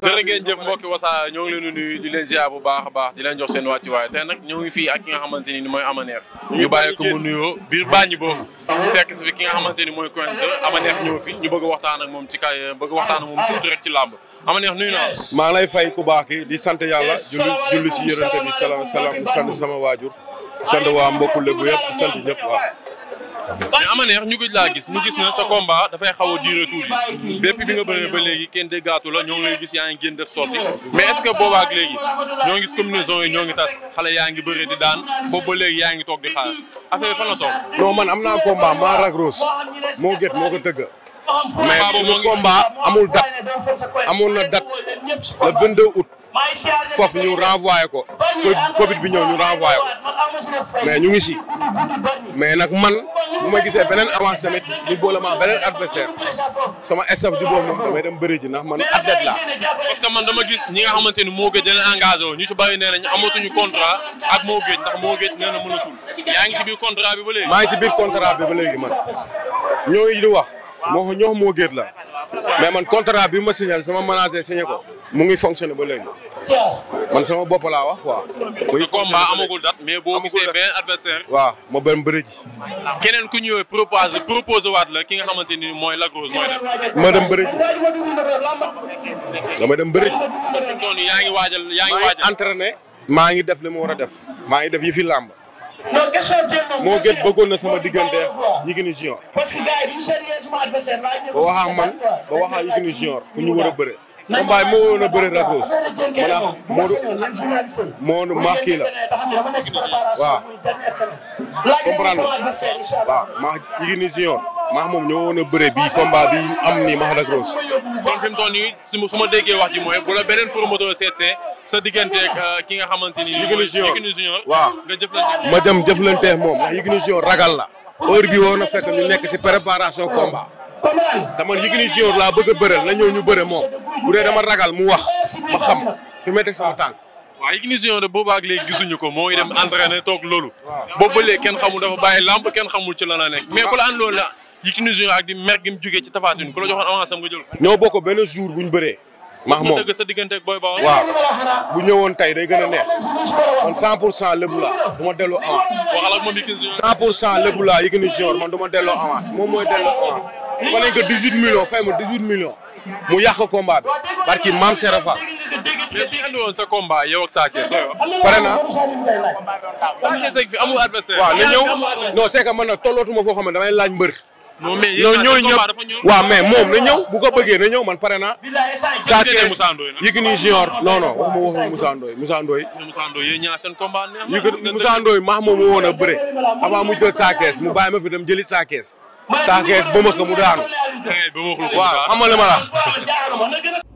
te ngeen jëf mbokki wasaare ñoo ngi leen di di leen ziar bu baax a baax di leen jox seen wàcci waaye tey nag ñoo ngi fii ak ki nga xamante ni mooy Amaneex ñu bàyyi ko mu nuyoo biir bàññi boobu fekk si fi ki xamante ni mooy Quench Amaneex ñëw ñu bëgg waxtaan ak moom ci kay bëgg waxtaan moom tuuti rek ci làmb Amaneex na naa maa ngi lay fay ku baax ki di sant yàlla julli julli si yërante bi salaam salaam di sant sama waajur sant waa mbokku lébu yëpp sant ñëpp waa mais ama neex ñu gëj laa gis ñu gis na sa combat dafay xaw a durer tuuti bépp bi nga bëree ba léegi kenn déggaatu la ñoo ngi lay gis yaa ngi génn def sorti mais est ce que boobaa ak léegi ñoo ngi gis ñoo ngi tas xale yaa ngi bëree di daan boobu ba léegi yaa ngi toog di xaar affaire fan la soog. non man am naa combat maa Lac Rose moo gét moo ko tëgg. mais suñu combat amul date amoon na date le 22 août. foofu ñu renvoyé ko Covid bi ñëw ñu renvoyé ko mais ñu ngi si mais bu ma gisee beneen avance tamit ñu boole ma beneen adversaire sama staff di boobu moom damay dem bëri ji ndax man athlète laa. parce que man dama gis ñi nga xamante ni moo gëj dana engagé wu ñu ci bàyyi nee nañ amatuñu contrat ak moo gëj ndax moo gëj nee na mënatul yaa ngi ci biir contrat bi ba léegi. maa ngi ci biir contrat bi ba léegi man ñooñu di wax moo ñoo moo gëj la mais man contrat bi ma signé sama manager signé ko mu ngi fonctionné ba léegi. man sama bopp laa wax quoi. muy combat amagul date mais boo gisee benn adversaire. waaw ma benn bëri keneen ku ñëwee proposé proposé waat la ki nga xamante ni mooy Lac Rose mooy def. ma dem bëri ji. dama dem bëri ji. kon yaa ngi waajal yaa ngi waajal. maa maa ngi def li ma war a def. maa ngi def yi fi làmb. moo gën bëggoon na sama diggante Yékini Junior. parce que gars ba wax man ba wax ak Yékini Junior ku ñu war a bëre. combat moo woon a bëri Lac Rose moo nu maax kii la waaw comprendre waaw maax Yékini Junior maax moom ñoo woon a bëri bii bi am nii maax Lac Rose kon fi su su ma déggee wax ji mooy bu la beneen promoteur seetsee sa digganteeg euh, ki nga xamante ni Yékini Junior Yékini Junior waaw nga jëflante ma dem jëflanteeg moom ndax Yékini Junior ragal la heure bi woon a fekk ñu nekk si préparation combat comprendre dama Yékini Junior laa bëgg a bëre ñëw ñu bëre moom bu dee dama ragal mu wax ma xam fi may teg sama tànk waaw Yékini Junior de boobu ak léegi gisuñu ko moo ngi dem entraîné toog loolu boobu ba léegi kenn xamul dafa bàyyi làmp kenn xamul ci la la nekk mais ku la àndoon la Yékini Junior ak di mer gi mu jógee ci Tapha Tine ku la joxoon avance am nga jël ñoo bokk benn jour buñ bëree max moom dëgg sa diggante Boy Baol waaw bu ñëwoon tey day gën a neex man 100 pour cent Lebu laa ma delloo avance waxal ak moom Yékini Junior 100 pour cent Lebu laa Yékini Junior man ma delloo avance moom mooy delloo avance ma ne ko 18 millions fay ma 18 millions mu yàq combat bi barki maam Serafa. sa combat yow ak naa. Sa Thiès fi na ñëw non c'est que man nag tollootuma foo xam ne damay laaj mbër. non mais yéen ñëpp waaw mais na ñëw bu ko bëggee na ñëw man pare naa. Sa Thiès Yékini Junior non non waxuma waxuma Moussa Ndoye Moussa Ndoye. Moussa Ndoye yéen ñaar seen combat neex na. mu jël Sa mu bàyyi ma fi dem jëli Sa Sa Thiès ba mu daanu. waaw xam nga li ma la